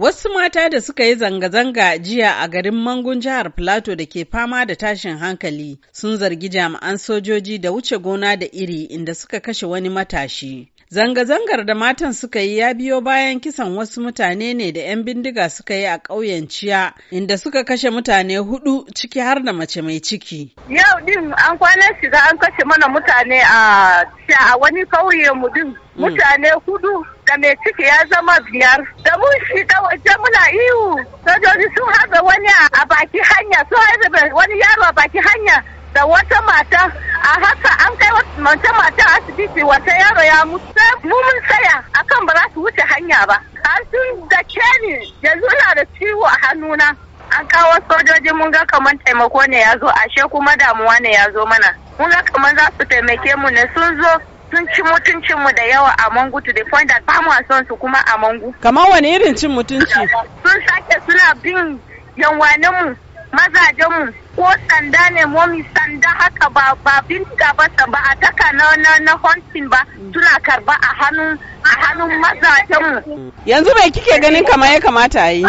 Wasu mata da suka yi zanga-zanga jiya a garin Mangun jihar Filato da ke fama da tashin hankali sun zargi jami'an sojoji da wuce gona da iri inda suka kashe wani matashi. Zanga-zangar da matan suka yi ya biyo bayan kisan wasu mutane ne da 'yan bindiga suka yi a ƙauyen Ciya inda suka kashe mutane hudu ciki har da mace mai ciki. Yau din an kwana shiga an kashe mana mutane a a wani ƙauye mu din mm. mutane hudu da mai ciki ya zama biyar. da mun shiga waje muna ihu sojoji sun haɗa wani a baki hanya sun haɗa wani yaro a baki hanya da wata mata a haka an kai wata mata asibiti wata yaro ya mutu mu mun tsaya akan ba za su wuce hanya ba har sun da ni yanzu da ciwo a hannuna an kawo sojoji mun ga kamar taimako ne ya zo ashe kuma damuwa ne ya zo mana mun ga kamar za su taimake mu ne sun zo sun ci mutuncinmu da yawa a mangu to the point that ba mu son su kuma a mangu. Kamar wani irin cin mutunci? Sun sake suna bin yanwaninmu mazajenmu ko sanda ne momi sanda haka ba ba bin ba ba a taka na na na hunting ba suna karba a hannun a hannun mazajenmu. Yanzu bai kike ganin kamar ya kamata a yi?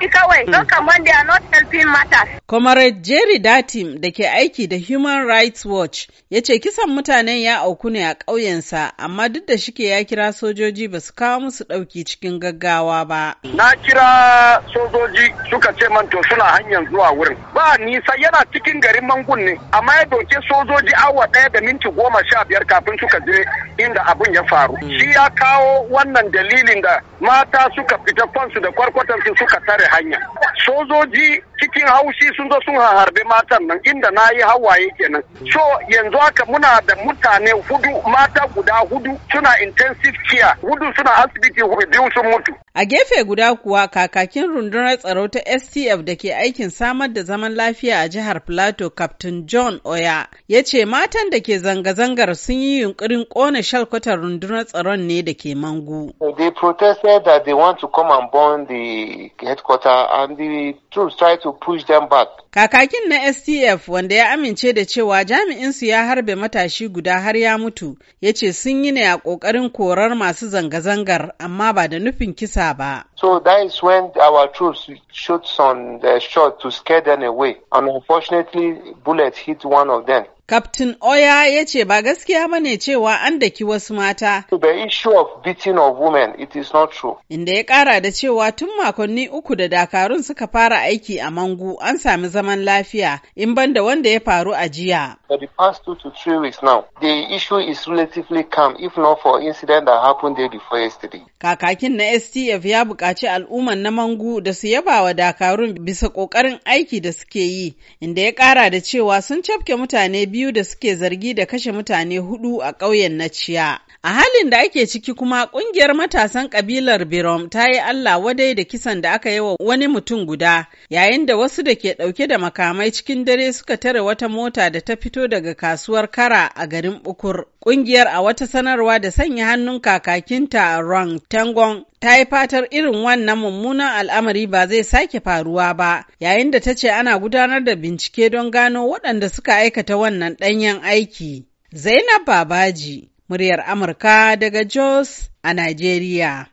gwamnati kawai mm. don kamar they are not helping matters. Comrade Jerry Datim da ke aiki da Human Rights Watch ya ce kisan mutanen ya auku ne a ƙauyensa amma duk da shike ya kira sojoji ba su kawo musu ɗauki cikin gaggawa ba. Na kira sojoji suka ce man suna hanyar zuwa wurin. Ba nisa yana cikin garin Mangun ne amma ya doke sojoji awa ɗaya da minti goma sha biyar kafin suka je inda abun ya faru. Mm. Shi ya kawo wannan dalilin da mata suka fita kwansu da kwarkwatansu suka tare hanya sojoji cikin haushi sun zo sun harbe matan nan inda na yi hawaye kenan so yanzu haka muna da mutane hudu mata guda hudu suna intensive care hudu suna asibiti biyu sun mutu a gefe guda kuwa kakakin rundunar tsaro ta stf da ke aikin samar da zaman lafiya a jihar plateau captain john oya ya ce matan da ke zanga-zangar sun yi yunkurin kona shalkwatar rundunar tsaron ne da ke mangu they protested that they want to come and burn the headquarters and the troops tried to to push them back. Kakakin na STF wanda ya amince da cewa jami'insu ya harbe matashi guda har ya mutu ya ce sun yi ne a ƙoƙarin korar masu zanga-zangar amma ba da nufin kisa ba. So that is when our troops shoot on the shot to scare them away and unfortunately bullets hit one of them. Captain Oya ya ce ba gaskiya ba ne cewa an daki wasu mata. The issue of beating of women, it is not true. Inda ya kara da cewa tun makonni uku da dakarun suka fara aiki a Mangu an sami zaman lafiya in banda wanda ya faru a jiya. For the past two to three weeks now, the issue is relatively calm if not for incident that happened day before yesterday. Kakakin na STF ya buƙaci al'umman na Mangu da su yaba wa dakarun bisa ƙoƙarin aiki da suke yi, inda ya kara da cewa sun cafke mutane biyu da suke zargi da kashe mutane hudu a ƙauyen Naciya. A halin da ake ciki kuma ƙungiyar matasan ƙabilar Birom ta yi Allah wadai da kisan da aka yi wa wani mutum guda, yayin da wasu da ke ɗauke da makamai cikin dare suka tare wata mota da ta fito daga kasuwar Kara a garin Bukur. Ƙungiyar a wata sanarwa da sanya hannun kakakinta Rang Tangon ta yi fatar irin wannan mummunan al'amari ba zai sake faruwa ba yayin da ta ce ana gudanar da bincike don gano waɗanda suka aikata wannan ɗanyen aiki. Zainab Babaji, muryar Amurka daga Jos a Najeriya.